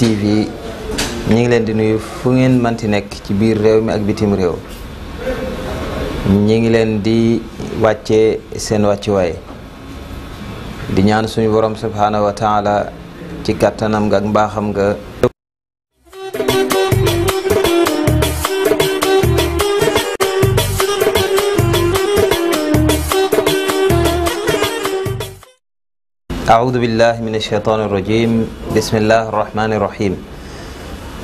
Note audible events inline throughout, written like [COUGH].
TV ñu ngi leen di nuyu fu ngeen manti nekk ci biir réew mi ak bitim réew ñu ngi leen di wàccee seen wàccuwaay di ñaan suñu borom subhaanahu wa taala ci kàttanam nga ak mbaaxam nga أعوذ بالله من الشيطان الرجيم بسم الله الرحمن الرحيم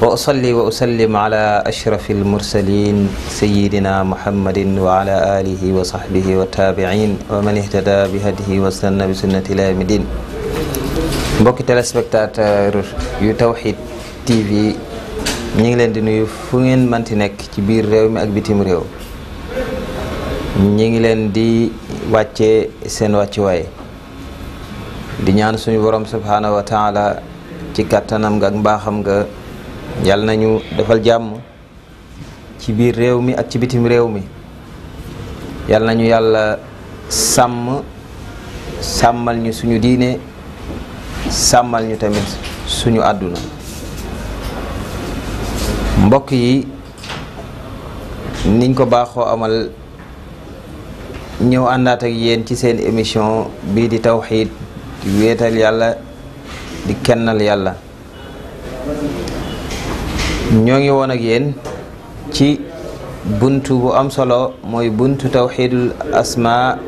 وأصلي وأسلم على أشرف المرسلين سيدنا محمد وعلى آله وصحبه والتابعين ومن اهتدى بهده واستنى بسنة إلى يوم الدين mbokki téléspectateur yu Tawhid TV ñu ngi leen di nuyu fu ngeen manti nekk ci biir réew mi ak bitim réew ñu ngi leen di wàccee seen wàccuwaay di ñaan suñu borom subhaanahu wa taala ci kàttanam nga ak mbaaxam nga yàlla nañu defal jàmm ci biir réew mi ak ci bitim réew mi yàlla nañu yàlla sàmm sàmmal ñu suñu diine sàmmal ñu tamit suñu àdduna mbokk yi niñ ko baaxoo amal ñëw àndaat ak yéen ci seen émission bii di tawxiid di wéetal yàlla di kennal yàlla ñoo ngi woon ak ci buntu bu am solo mooy buntu tawxidul asma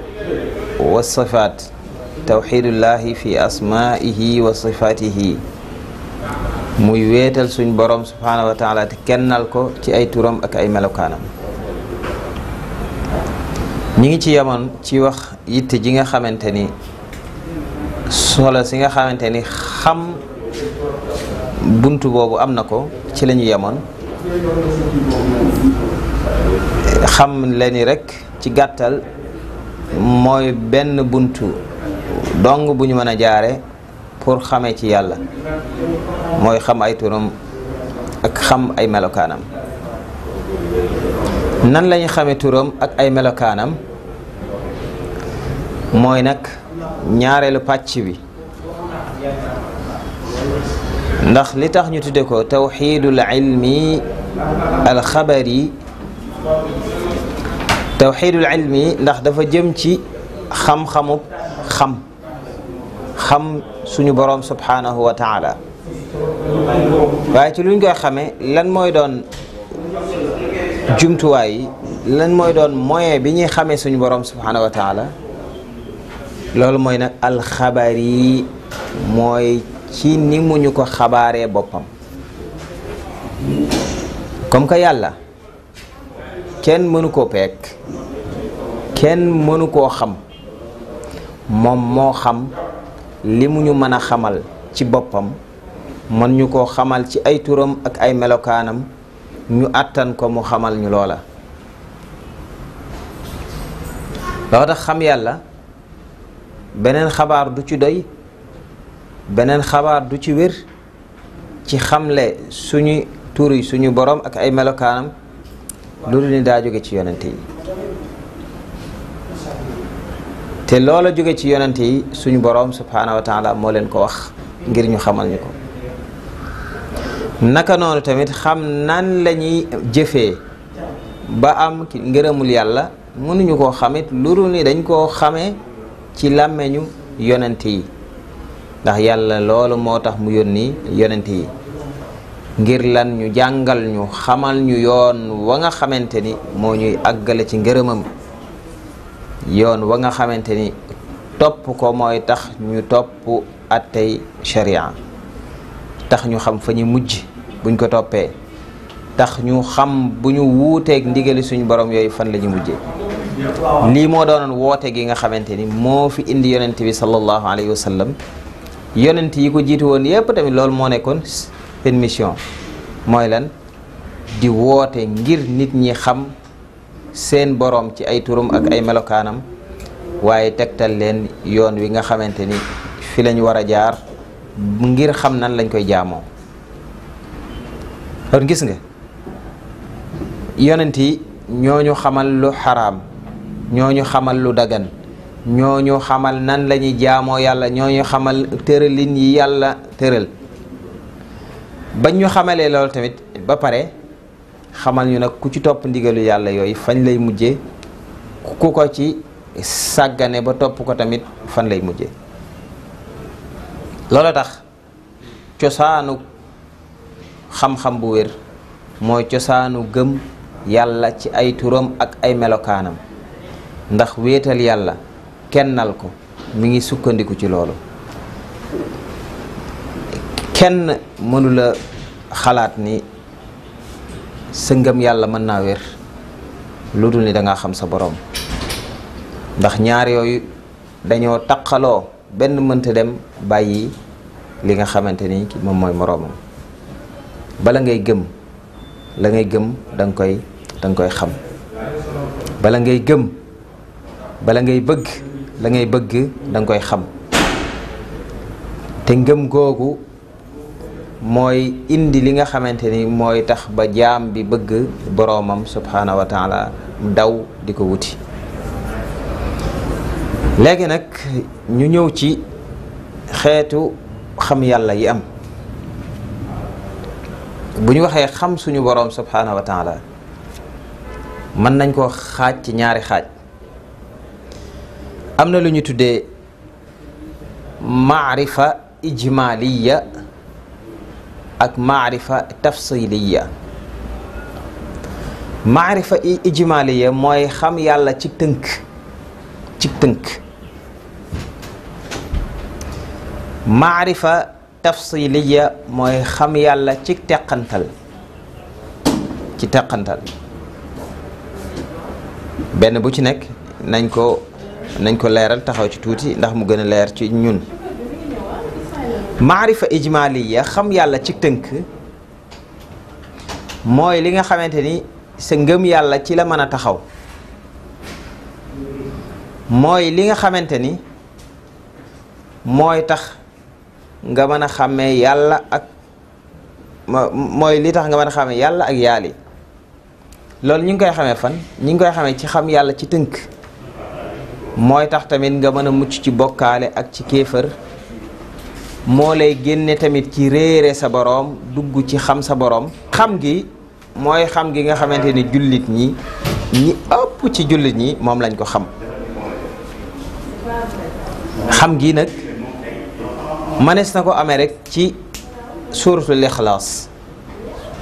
wa sifaat tawxidullahi fi asmaihi wa sifaatihi muy wéetal suñ borom subhaanahu wa taala te kennal ko ci ay turam ak ay melokaanam ñi ngi ci yamoon ci wax yitte ji nga xamante ni solo si nga xamante ni xam bunt boobu am na ko ci lañu yemoon xam le ni rek ci gàttal mooy benn buntu dong bu ñu mën a jaare pour xamee ci yàlla mooy xam ay turam ak xam ay melokaanam nan lañu xamee turam ak ay melokaanam mooy nag ñaareelu pàcc bi ndax li tax ñu tudde ko tawxiidul ilmi alxabari tawxiidul ilmi ndax dafa jëm ci xam-xamub xam xam suñu boroom subhaanahu wa taala waaye ci luñ koy xame lan mooy doon jumtuwaay yi lan mooy doon moyen bi ñuy xamee suñu boroom subhaanahu wa taala loolu nag alxabari mooy ci ni mu ñu ko xabaaree boppam comme que yàlla kenn mënu koo peek kenn mënu koo xam moom moo xam li mu ñu mën a xamal ci boppam mën ñu koo xamal ci ay turam ak ay melokaanam ñu àttan ko mu xamal ñu loola loo tax xam yàlla beneen xabaar du ci doy beneen xabaar du ci wér ci xamle suñu tur yi suñu borom ak ay melokaanam loolu ni daa jóge ci yonente yi te loola jóge ci yonente yi suñu borom subhaanahu wa moo leen ko wax ngir ñu xamal ñu ko naka noonu tamit xam nan lañuy jëfee ba am ngërëmul yàlla mënuñu koo xamit lu dul ni dañ koo xamee ci làmmeñu yonente yi ndax yàlla loolu moo tax mu yónni yonent yi ngir lan ñu jàngal ñu xamal ñu yoon wa nga xamante ni moo ñuy àggale ci ngërëmam yoon wa nga xamante ni topp ko mooy tax ñu topp attey sharia tax ñu xam fa ñu mujj buñ ko toppee tax ñu xam bu ñu wuuteeg ndigali suñu borom yooyu fan la ñu mujjee lii moo doonoon woote gi nga xamante ni moo fi indi yonent bi sallallahu alayhi wa sallam yonent yi ko jiitu woon yépp tamit loolu moo nekkoon seen mission mooy lan di woote ngir nit ñi xam seen boroom ci ay turam ak ay melokaanam waaye tegtal leen yoon wi nga xamante ni fi lañ war a jaar ngir xam nan lañ koy jaamoo kon gis nga yonent yi ñoo ñu xamal lu xaraam ñoo ñu xamal lu dagan ñoo ñu xamal nan la jaamoo yàlla ñoo ñu xamal tëralin yi yàlla tëral bañ ñu xamalee loolu tamit ba pare xamal ñu nag ku ci topp ndigalu yàlla yooyu fañ lay mujje ku ko ci sàggane ba topp ko tamit fan lay mujje loolu tax cosaanu xam-xam bu wér mooy cosaanu gëm yàlla ci ay turam ak ay melokaanam ndax wéetal yàlla kennal ko mu ngi sukkandiku ci loolu kenn mënula xalaat ni sa ngëm yàlla mën naa wér lu dul ni danga xam sa boroom ndax ñaar yooyu dañoo taqaloo benn mënta dem bàyyi li nga xamante ni moom mooy moroomam bala ngay gëm la ngay gëm danga koy danga koy xam bala ngay gëm bala ngay bëgg la ngay bëgg danga koy xam te ngëm googu mooy indi li nga xamante ni mooy tax ba jaam bi bëgg boroomam subhaanahu wa taala daw di ko wuti léegi nag ñu ñëw ci xeetu xam yàlla yi am bu ñu waxee xam suñu boroom subhaanahu wa mën nañ koo xaaj ci ñaari xaaj am na lu ñu tuddee maarifa ijmaliya ak maarifa tafsiliya maarifa ijmaliya mooy xam yàlla ci tënk ci tënk maarifa tafsiliya mooy xam yàlla ci teqantal ci teqantal benn bu ci nekk nañ ko nañ ko leeral taxaw ci tuuti ndax mu gën a leer ci ñun maarifa ijmaaliya xam yàlla ci tënk mooy li nga xamante ni sa ngëm yàlla ci la mën a taxaw mooy li nga xamante ni mooy tax nga mën a xàmmee yàlla ak mooy li tax nga mën a xàmmee yàlla ak yaali loolu ñu ngi koy xamee fan ñu ngi koy xame ci xam yàlla ci tënk mooy tax tamit nga mën a mucc ci bokkaale ak ci kéefër moo lay génne tamit ci réere sa boroom dugg ci xam sa boroom xam gi mooy xam gi nga xamante ni jullit ñi ñi ëpp ci jullit ñi moom lañ ko xam xam gi nag mënees na ko amee rek ci suuratul ixlaas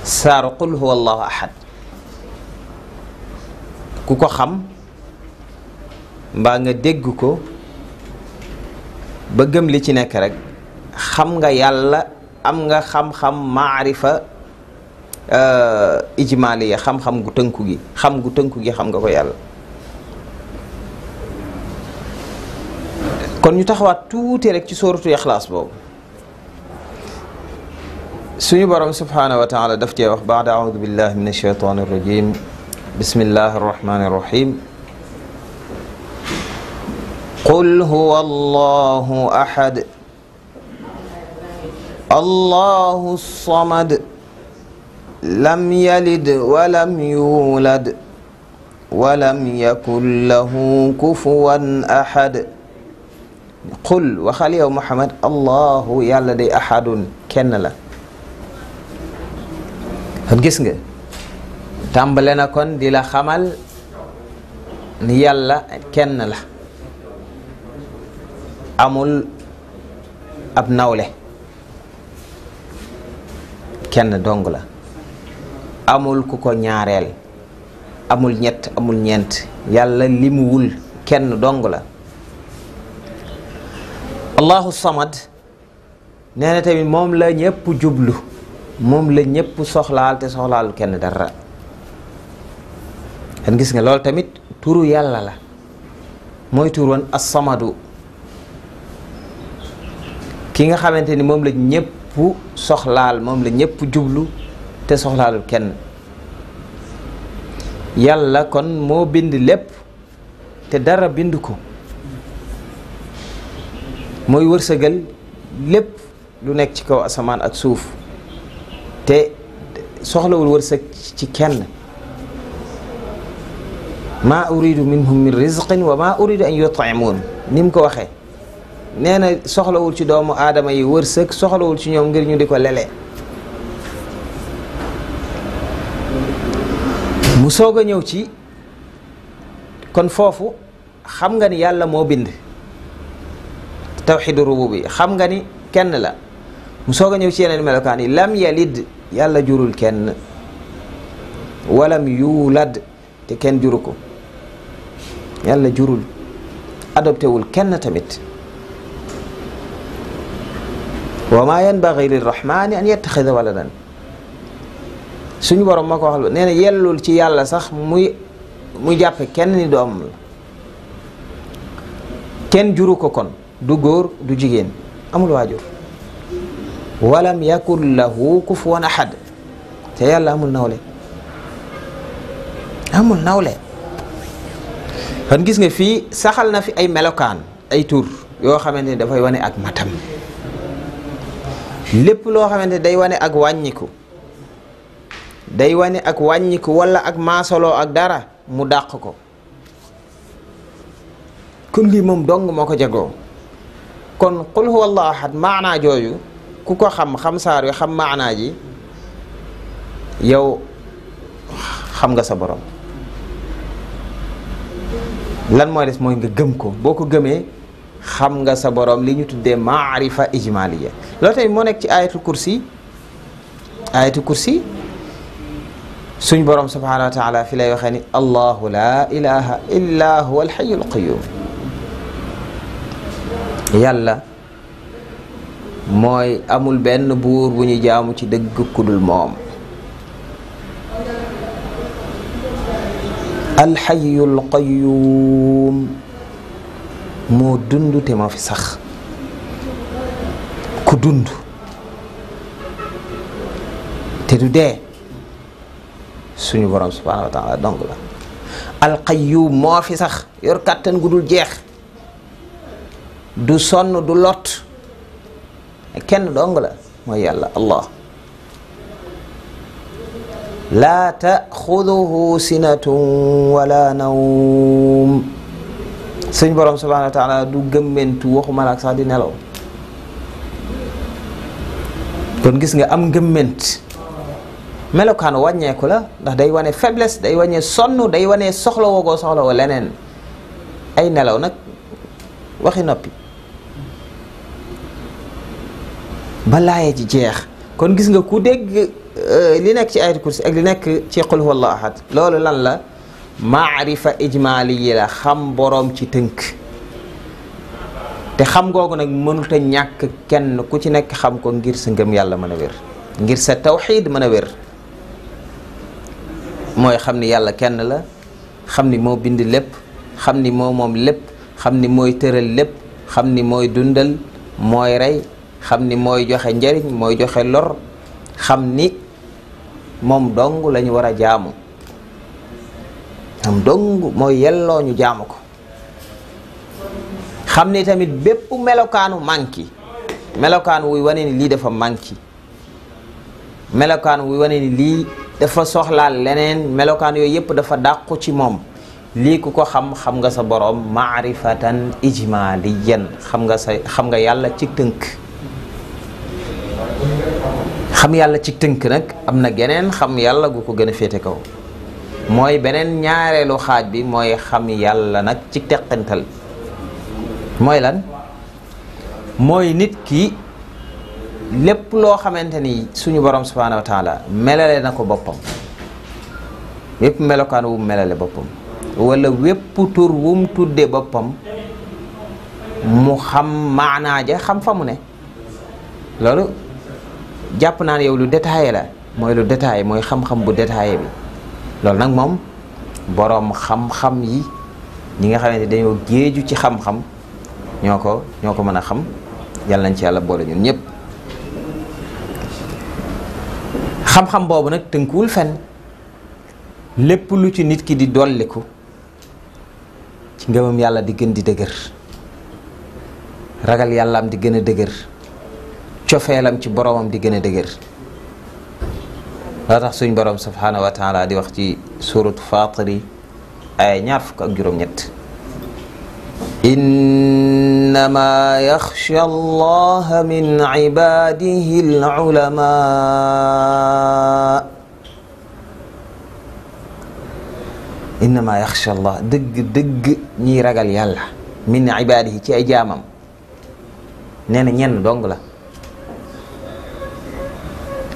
saaru qul huwa allahu ahad ku ko xam mbaa nga dégg ko ba gëm li ci nekk rek xam nga yàlla am nga xam-xam maarifa euh, ijmaaliya xam-xam gu tënku gi xam gu tënku gi xam nga ko yàlla kon ñu taxawaat tuuti rek ci sóoratu ixlaas boobu suñu borom subhaanahu wa daf cee wax baada audu billahi min alsheytaan arrajim bismillahi arrahmani arrahim قل هو الله أحد الله الصمد لم يلد ولم يولد ولم يكن له كفوا أحد qul waxal yow Muhammad allahu yàlla day ahadun kenn la kon gis nga tàmbale na kon di la xamal ni yàlla kenn la amul ab nawle kenn dong la amul ku ko ñaareel amul ñett amul ñeent yàlla limuwul kenn dong la allahu samad nee na tamit moom la ñëpp jublu moom la ñëpp soxlaal te soxlaalu kenn dara kan gis nga loolu tamit turu yàlla la mooy tur woon as-samadu ki nga xamante ni moom la ñëpp soxlaal moom la ñëpp jublu te soxlaalul kenn yàlla kon moo bind lépp te dara bind ko mooy wërsëgal lépp lu nekk ci kaw asamaan ak suuf te soxlawul wërsëg ci kenn maa uridu minhum min rizqin wa maa uridu an yut'imun ni mu ko waxee nee na soxlawul ci doomu aadama yi wërsëg soxlawul ci ñoom ngir ñu di ko lele mu soog a ñëw ci kon foofu xam nga ni yàlla moo bind tawxidu bi xam nga ni kenn la mu soog a ñëw ci yeneen melokaan yi lam yalid yàlla jurul kenn walam yuulad te kenn juru ko yàlla jurul adopté wul kenn tamit wa maa yanbaghi lirrahmaani an yattaxida waladan suñu borom moo ko wax nee na yellul ci yàlla sax muy muy jàppe kenn ni doomam la kenn juru ko kon du góor du jigéen amul waajur walam yakun lahu kufuwan ahad te yàlla amul nawle amul nawle kon gis nga fii saxal na fi ay melokaan ay tur yoo xamante ni dafay wane ak matam lépp loo xamante day wane ak wàññiku day wane ak wàññiku walla ak maasoloo ak dara mu dàq ko kon lii moom dong moo ko jagoo kon qul huwa allahu ahad maanaa jooju ku ko xam xam saar wi xam maanaa yow xam nga sa boroom lan mooy des mooy nga gëm ko boo ko gëmee xam nga sa borom li ñu tuddee maarifa ijmaliya loolu tamit moo nekk ci ayatul kursi ayatul kursi suñ borom subhanahu wa taala fi lay waxee ni allahu la ilaha illa huwa alxayul qayum yàlla mooy amul benn buur bu ñu jaamu ci dëgg kudul moom alxayul qayum moo dund te moo fi sax ku dund te du dee suñu borom subhaanahu wa taala dong la moo fi sax yor kàttan gu dul jeex du sonn du lot kenn dong la mooy yàlla allah laa taaxuduhu sinatun wala nawm suñ borom subhaanahu du gëmmentu waxuma laak sax di nelaw kon gis nga am gëmment melokaan wàññeeku la ndax day wane faiblesse day wane sonn day wane soxlawoo woo goo leneen ay nelaw nag waxi noppi ba laaye ji jeex kon gis nga ku dégg euh, li nekk ci ayatul kursi ak li nekk ci qul huwallahu ahad loolu lan la maarifa ijmaali yi la xam boroom ci tënk te xam googu nag mënuta ñàkk kenn ku ci nekk xam ko ngir sa ngëm yàlla mën a wér ngir sa tawxiid mën a wér mooy xam ni yàlla kenn la xam ni moo bind lépp xam ni moo moom lépp xam ni mooy tëral lépp xam ni mooy dundal mooy rey xam ni mooy joxe njariñ mooy joxe lor xam ni moom dong lañu war a jaamu am dong mooy yelloo ñu jàmm ko xam ni tamit bépp melokaanu manki melokaan wuy wane ni lii dafa manki melokaan wuy wane ni lii dafa soxlaal leneen melokaan yooyu yépp dafa dàqu ci moom lii ku ko xam xam nga sa boroom maarifatan ijmaliyan xam nga sa xam nga yàlla ci tënk xam yàlla ci tënk nag am na geneen xam yàlla gu ko gën a féete kaw mooy beneen ñaareelu xaaj bi mooy xam yàlla nag ci teqantal mooy lan mooy nit ki lépp loo xamante ni suñu borom subhaanahu wa taala melale na ko boppam wépp melokaan wum melale boppam walla wépp tur wum tudde boppam mu xam maanaa ja xam fa mu ne loolu jàpp naa ne yow lu détaillé la mooy lu détaillé mooy xam-xam bu détaillé bi loolu nag moom boroom xam-xam yi ñi nga xamante ne dañoo géeju ci xam-xam ñoo ko ñoo ko mën a xam yàlla nañ ci yàlla boole ñun ñëpp xam-xam boobu nag tënkuwul fen lépp lu ci nit ki di dolliku ci ngëmam yàlla di gën di dëgër ragal yàllaam di gën a dëgër cofeelam ci boroomam di gën a dëgër la tax suñ borom subhaanahu wa taala di wax ci suuratu faatiri ay ñaar fukk ak juróom-ñett innama yaxsha allaha min ibaadihi al-ulamaa innama min ibaadihi ci ay jaamam nee na ñenn dong la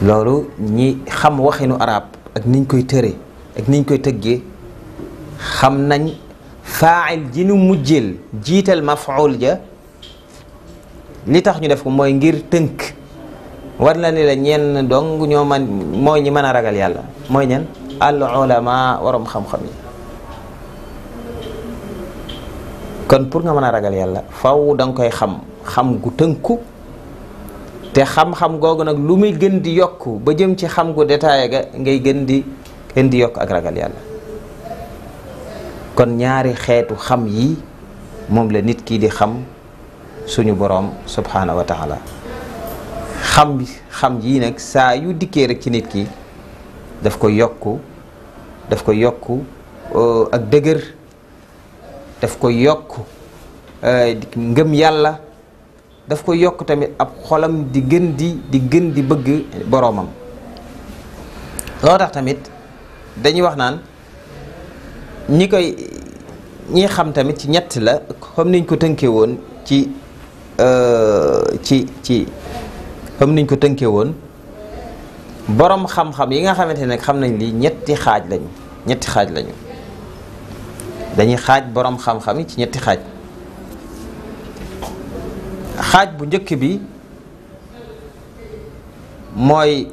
loolu ñi xam waxinu arab ak niñ koy tëre ak niñ koy tëggee xam nañ faa'il ji nu mujjeel jiital maf'ul ja li tax ñu def ko mooy ngir tënk war na ni la ñenn dong ñoo mooy ñi mën a ragal yàlla mooy ñen al ulama waroom xam-xam yi kon pour nga mën a ragal yàlla faw danga koy xam xam gu tënku te xam-xam googu nag lu muy gën di yokk ba jëm ci xam gu détaillé ga ngay gën di gën di yokk ak ragal yàlla kon ñaari xeetu xam yi moom la nit kii di xam suñu boroom subhaanahu wa taala xam xam yii nag saa yu dikkee rek ci nit ki daf ko yokk daf ko yokk euh, ak dëgër daf ko yokk euh, ngëm yàlla daf ko yokk tamit ab xolam di gën di di gën di bëgg boroomam loo tax tamit dañuy wax naan ñi koy ñi xam tamit ci ñetti la comme niñ ko tënkee woon ci euh, ci ci comme niñ ko tënkee woon boroom xam-xam yi nga xamante ne xam nañ lii ñetti xaaj lañu ñetti xaaj lañu dañuy xaaj boroom xam-xam yi ci ñetti xaaj. xaaj bu njëkk bi mooy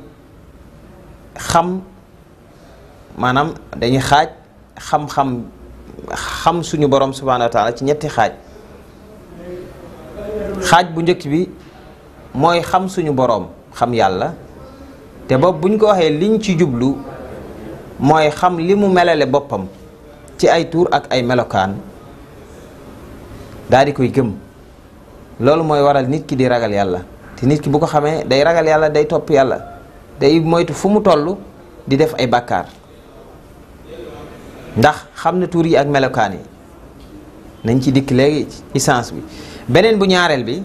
xam maanaam dañuy xaaj xam-xam xam suñu borom subhaanahu wa ci ñetti xaaj xaaj bu njëkk bi mooy xam suñu boroom xam yàlla te boobu buñ ko waxee liñ ci jublu mooy xam li mu melale boppam ci ay tuur ak ay melokaan daal di koy gëm loolu mooy waral nit ki di ragal yàlla te nit ki bu ko xamee day ragal yàlla day topp yàlla day moytu fu mu tollu di def ay bàkkaar ndax xam na tuur yi ak melokaan yi nañ ci dikk léegi ci sens bi beneen bu ñaareel bi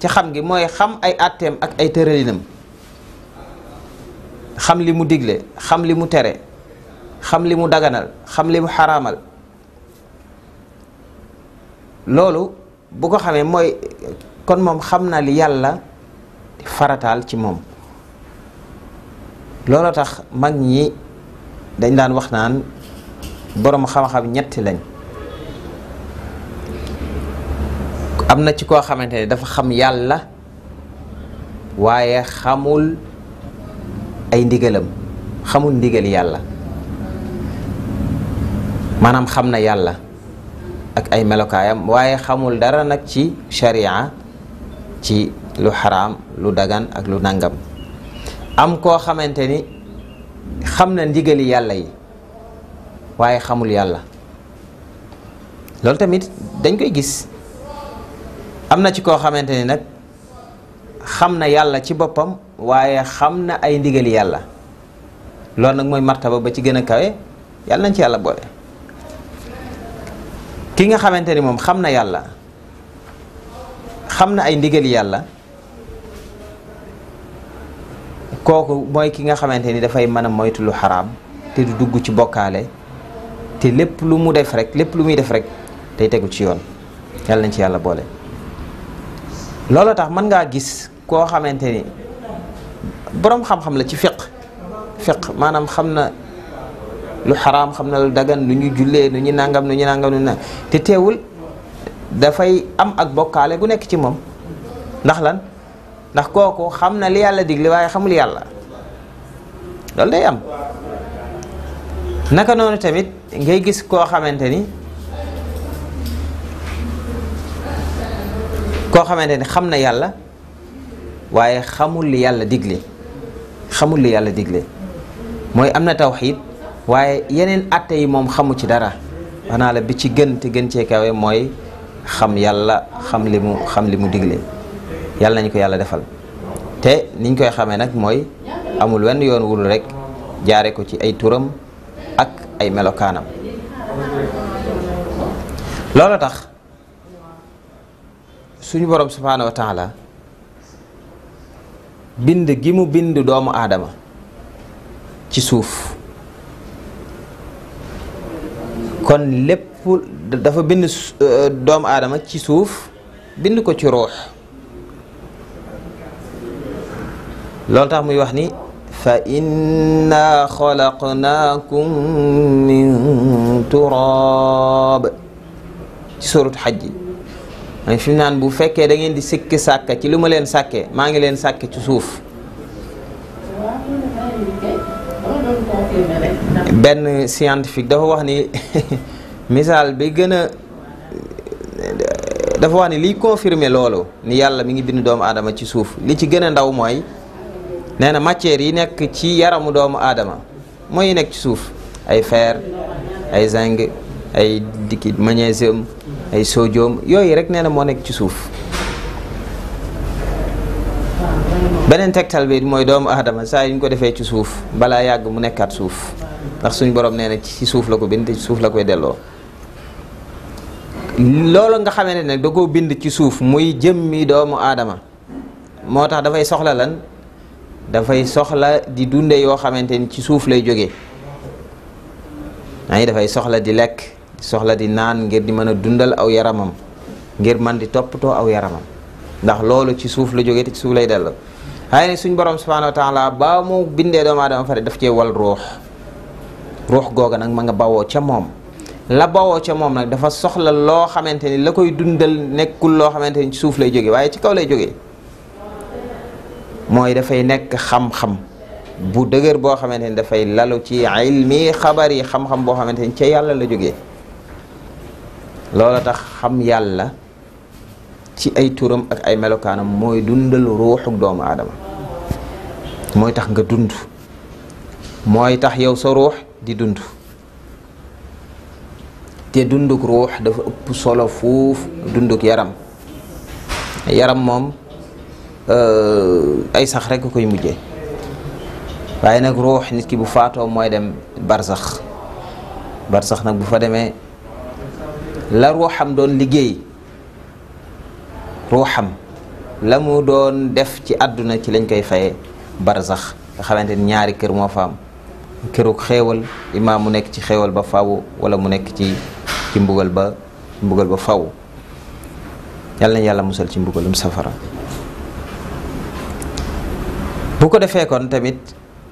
ci xam ngi mooy xam ay àtteem ak ay tëralinam xam li mu digle xam li mu tere xam li mu daganal xam li mu xaraamal loolu bu ko xamee mooy kon moom xam na li yàlla farataal ci moom looloo tax mag ñi dañ daan wax naan boroom xam-xam ñetti lañ am na ci koo xamante ne dafa xam yàlla waaye xamul ay ndigalam xamul ndigal yàlla maanaam xam na yàlla ak ay melokaayam waaye xamul dara nag ci sharia ci lu xaraam lu dagan ak lu nangam am koo xamante ni xam na ndigali yàlla yi waaye xamul yàlla loolu tamit dañ koy gis am na ci koo xamante ni nag xam na yàlla ci boppam waaye xam na ay ndigali yàlla loolu nag mooy martaba ba ci gën a kawe yàlla nañ ci yàlla boole ki nga xamante ni moom xam na yàlla xam na ay ndigali yàlla kooku mooy ki nga xamante ni dafay mën a moytulu lu xaraam te du dugg ci bokkaale te lépp lu mu def rek lépp lu muy def rek day tegu ci yoon yàlla nañ ci yàlla boole loolu tax mën ngaa gis koo xamante ni boroom xam-xam la ci fiq fiq maanaam xam na lu xaraam xam na lu dagan lu ñu jullee nu ñu nangam nu ñu nangam nu te teewul dafay am ak bokkaale gu nekk ci moom ndax lan ndax kooku xam na li yàlla digle waaye xamul yàlla loolu day am naka noonu tamit ngay gis koo xamante ni koo xamante ni xam na yàlla waaye xamul li yàlla digle xamul li yàlla digle mooy am na tawxiid waaye yeneen atte yi moom xamu ci dara wax la bi ci gën te gën cee kawe mooy xam yàlla xam li mu xam li mu digle yàlla nañ ko yàlla defal te niñ koy xamee nag mooy amul wenn yoon wul rek jaare ko ci ay turam ak ay melokaanam loolu tax suñu borom subhaanahu wa bind gi mu bind doomu aadama ci suuf kon lépp dafa bind euh, doomu aadama ci suuf bind ko ci ruux loolu tax muy wax ni fa inna xalaqnaakum min turaab ci suratu xaj yi fi mu naan bu fekkee da ngeen di sikki sàkk ci lu ma leen sàkkee maa ngi leen sàkkee ci suuf benn scientifique dafa wax ni [LAUGHS] misaal bi gën a dafa wax ni liy confirmer loolu ni yàlla mi ngi bind doomu aadama ci suuf li ci gën a ndaw mooy nee na matière yi nekk ci yaramu doomu aadama mooy nekk ci suuf ay fer ay zinc ay dikki magnésium ay sodium yooyu rek nee na moo nekk ci suuf beneen tegtal bi mooy doomu aadama saa yu ñu ko defee ci suuf balaa yàgg mu nekkaat suuf ndax suñ borom nee na ci suuf la ko bind ci suuf la koy delloo loolu nga xamante ne da koo bind ci suuf muy jëmmi doomu aadama moo tax dafay soxla lan dafay soxla di dunde yoo xamante ni ci suuf lay jógee ay dafay soxla di lekk soxla di naan ngir di mën a dundal aw yaramam ngir man di toppatoo aw yaramam ndax loolu ci suuf la jóge te ci suuf lay delloo waaye nag suñ borom subhaanahu wa taala ba mu bindee doomu aadama fare daf cee wal ruux ruux googa nag ma nga bawoo ca moom la bawoo ca moom nag dafa soxla loo xamante ni la koy dundal nekkul loo xamante ni suuf lay jógee waaye ci kaw lay jógee mooy dafay nekk xam-xam bu dëgër boo xamante ni dafay lalu ci ilmi xabar yi xam-xam boo xamante ni ca yàlla la jóge loola tax xam yàlla ci ay turam ak ay melokaanam mooy dundal ruuxuk doomu aadama mooy tax nga dund mooy tax yow sa ruux di dund te dunduk ruux dafa ëpp solo fuuf dunduk yaram yaram moom euh, ay sax rekk koy mujje waaye nag ruux nit ki bu faatoo mooy dem barsax barsax nag bu fa demee la ruuxam doon liggéey ruuxam la mu doon def ci àdduna ci lañ koy faye barzax nga xamante ni ñaari kër moo fa am kërug xéewal mu nekk ci xéewal ba faw wala mu nekk ci ci mbugal ba mbugal ba faw yàlla na yàlla musal ci mbugalum safara bu ko defee kon tamit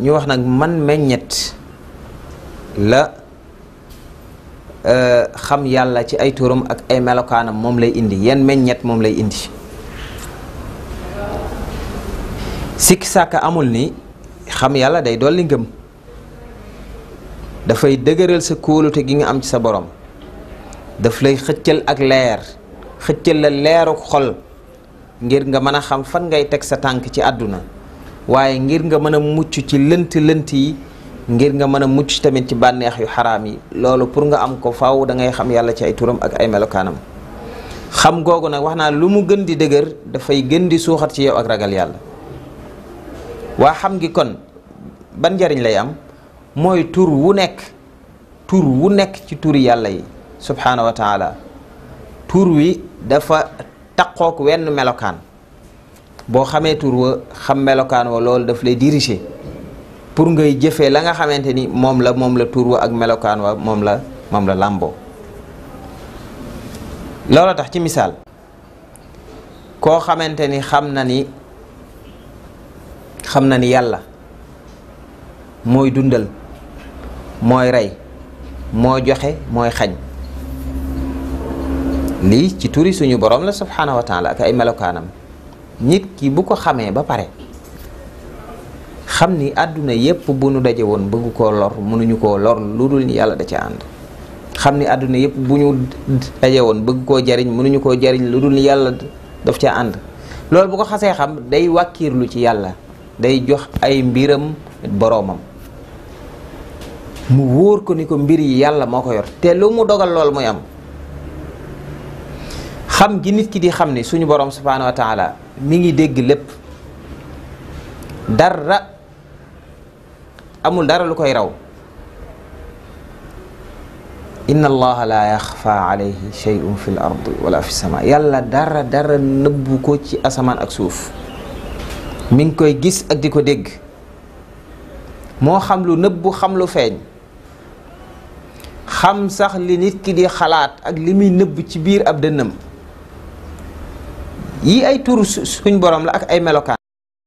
ñu wax nag man meññet la Euh, xam yàlla ci ay turam ak ay melokaanam moom lay indi yenn meññet moom lay indi sikki sàkk amul ni xam yàlla day dolli ngëm dafay dëgëral sa kóolute gi nga am ci sa borom daf lay xëccal ak leer xëccal la leeruk xol ngir nga mën a xam fan ngay teg sa tànk ci àdduna waaye ngir nga mën a mucc ci lënt lënt yi ngir nga mën a mucc tamit ci bànneex yu xaraam yi loolu pour nga am ko faaw da ngay xam yàlla ci ay turam ak ay melokaanam xam googu nag wax naa lu mu gën di dëgër dafay gën di suuxat ci yow ak ragal yàlla waa xam ngi kon ban njariñ lay am mooy tur wu nekk tur wu nekk ci turi yàlla yi subhaanahu wa taala tur wi dafa taqook wenn melokaan boo xamee tur wa xam melokaan wa loolu daf lay diriger pour ngay jëfee la nga xamante ni moom la moom la tur wa ak melokaan wa moom la moom la làmboo loola tax ci misaal koo xamante ni xam na ni xam na ni yàlla mooy dundal mooy rey moo joxe mooy xañ lii ci turi suñu borom la subhaanahu wa taala ak ay melokaanam nit ki bu ko xamee ba pare xam ni àdduna yépp bu nu daje woon bëgg koo lor mënuñu koo lor lu dul yàlla da ca ànd xam ni àdduna yépp bu ñu daje woon bëgg koo jariñ mënuñu koo jariñ lu dul ni yàlla daf ca ànd loolu bu ko xasee xam day wàkkiirlu ci yàlla day jox ay mbiram boroomam mu wóor ko ni ko mbir yi yàlla moo ko yor te lu mu dogal lool muy am xam gi nit ki di xam ni suñu boroom subhaanahu wa taala mi ngi dégg lépp dara amul dara lu koy raw inna allaha la yaxfa alayhi shay'un fi l ardi fi sama yàlla dara dara nëbbu ko ci asamaan ak suuf mu ngi koy gis ak di ko dégg moo xam lu nëbbu xam lu feeñ xam sax li nit ki di xalaat ak li muy nëbb ci biir ab dënnam yi ay tur suñ borom la ak ay melokaan